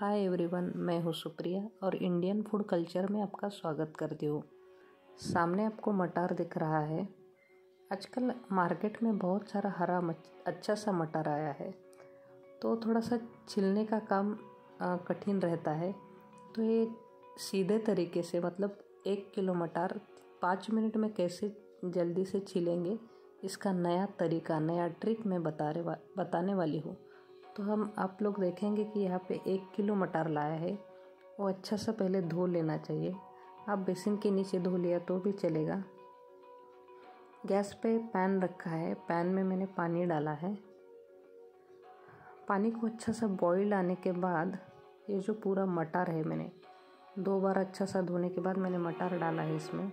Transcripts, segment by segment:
हाय everyone मैं हूँ सुप्रिया और इंडियन फूड कल्चर में आपका स्वागत करती हूँ सामने आपको मटर दिख रहा है आजकल मार्केट में बहुत सारा हरा मच अच्छा सा मटर आया है तो थोड़ा सा छिलने का काम कठिन रहता है तो ये सीधे तरीके से मतलब एक किलो मटर पाँच मिनट में कैसे जल्दी से छिलेंगे इसका नया तरीका नया ट्रिक मैं बता रहे वा, बताने वाली हूँ तो हम आप लोग देखेंगे कि यहाँ पे एक किलो मटर लाया है वो अच्छा सा पहले धो लेना चाहिए आप बेसन के नीचे धो लिया तो भी चलेगा गैस पे पैन रखा है पैन में मैंने पानी डाला है पानी को अच्छा सा बॉईल आने के बाद ये जो पूरा मटर है मैंने दो बार अच्छा सा धोने के बाद मैंने मटर डाला है इसमें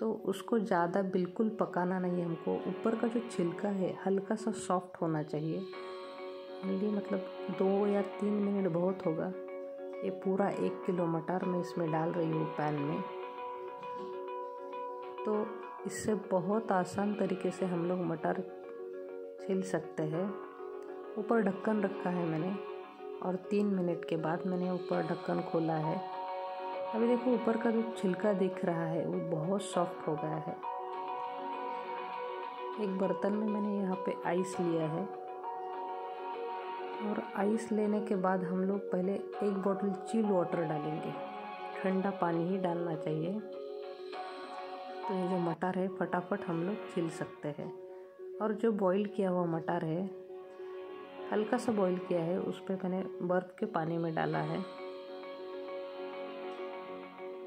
तो उसको ज़्यादा बिल्कुल पकाना नहीं हमको ऊपर का जो छिलका है हल्का सा सॉफ्ट होना चाहिए ओनली मतलब दो या तीन मिनट बहुत होगा ये पूरा एक किलो मटर मैं इसमें डाल रही हूँ पैन में तो इससे बहुत आसान तरीके से हम लोग मटर छिल सकते हैं ऊपर ढक्कन रखा है मैंने और तीन मिनट के बाद मैंने ऊपर ढक्कन खोला है अभी देखो ऊपर का जो छिलका दिख रहा है वो बहुत सॉफ्ट हो गया है एक बर्तन में मैंने यहाँ पे आइस लिया है और आइस लेने के बाद हम लोग पहले एक बॉटल चिल वाटर डालेंगे ठंडा पानी ही डालना चाहिए तो ये जो मटर है फटाफट हम लोग छिल सकते हैं और जो बॉईल किया हुआ मटर है हल्का सा बॉईल किया है उस पर मैंने बर्फ़ के पानी में डाला है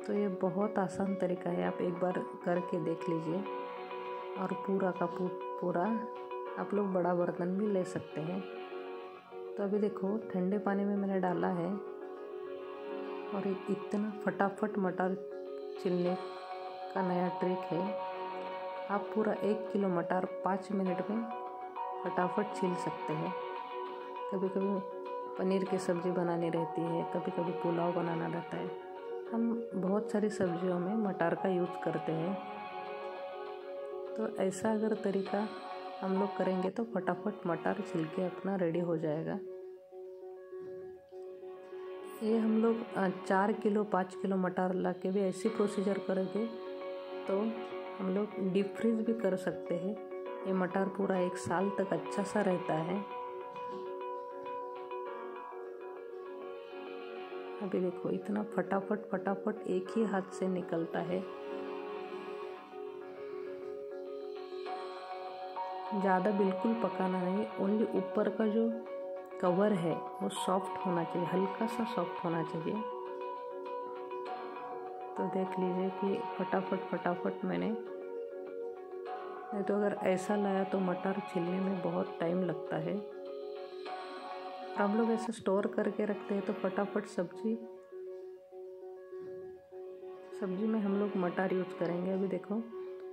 तो ये बहुत आसान तरीका है आप एक बार करके देख लीजिए और पूरा का पूरा आप लोग बड़ा बर्तन भी ले सकते हैं तो अभी देखो ठंडे पानी में मैंने डाला है और इतना फटाफट मटर छिलने का नया ट्रिक है आप पूरा एक किलो मटर पाँच मिनट में फटाफट छील सकते हैं कभी कभी पनीर की सब्ज़ी बनानी रहती है कभी कभी पुलाव बनाना रहता है हम बहुत सारी सब्जियों में मटर का यूज़ करते हैं तो ऐसा अगर तरीका हम लोग करेंगे तो फटाफट मटर छिलके अपना रेडी हो जाएगा ये हम लोग चार किलो पाँच किलो मटर ला के भी ऐसी प्रोसीजर करेंगे तो हम लोग डीप फ्रीज भी कर सकते हैं ये मटर पूरा एक साल तक अच्छा सा रहता है अभी देखो इतना फटाफट फटाफट एक ही हाथ से निकलता है ज़्यादा बिल्कुल पकाना नहीं ओनली ऊपर का जो कवर है वो सॉफ्ट होना चाहिए हल्का सा सॉफ्ट होना चाहिए तो देख लीजिए कि फटाफट फटाफट मैंने नहीं तो अगर ऐसा लाया तो मटर छिलने में बहुत टाइम लगता है हम लोग ऐसे स्टोर करके रखते हैं तो फटाफट सब्जी सब्जी में हम लोग मटर यूज करेंगे अभी देखो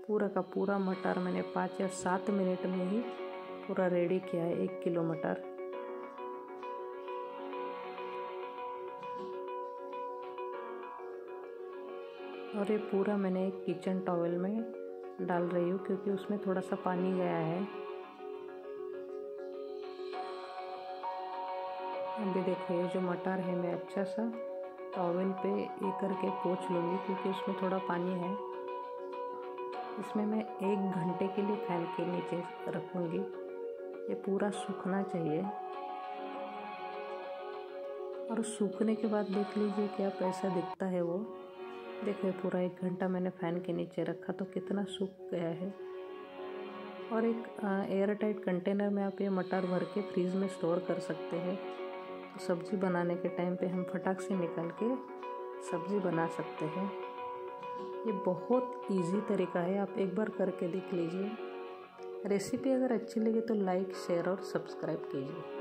पूरा का पूरा मटर मैंने पाँच या सात मिनट में ही पूरा रेडी किया है एक किलो मटर और ये पूरा मैंने एक किचन टॉवल में डाल रही हूँ क्योंकि उसमें थोड़ा सा पानी गया है अभी देखिए जो मटर है मैं अच्छा सा टॉवल पे ये करके पोछ लूँगी क्योंकि उसमें थोड़ा पानी है इसमें मैं एक घंटे के लिए फैन के नीचे रखूँगी ये पूरा सूखना चाहिए और सूखने के बाद देख लीजिए क्या पैसा दिखता है वो देखिए पूरा एक घंटा मैंने फ़ैन के नीचे रखा तो कितना सूख गया है और एक एयर टाइट कंटेनर में आप ये मटर भर के फ्रीज में स्टोर कर सकते हैं सब्ज़ी बनाने के टाइम पे हम फटाक से निकल के सब्ज़ी बना सकते हैं ये बहुत इजी तरीका है आप एक बार करके देख लीजिए रेसिपी अगर अच्छी लगे तो लाइक शेयर और सब्सक्राइब कीजिए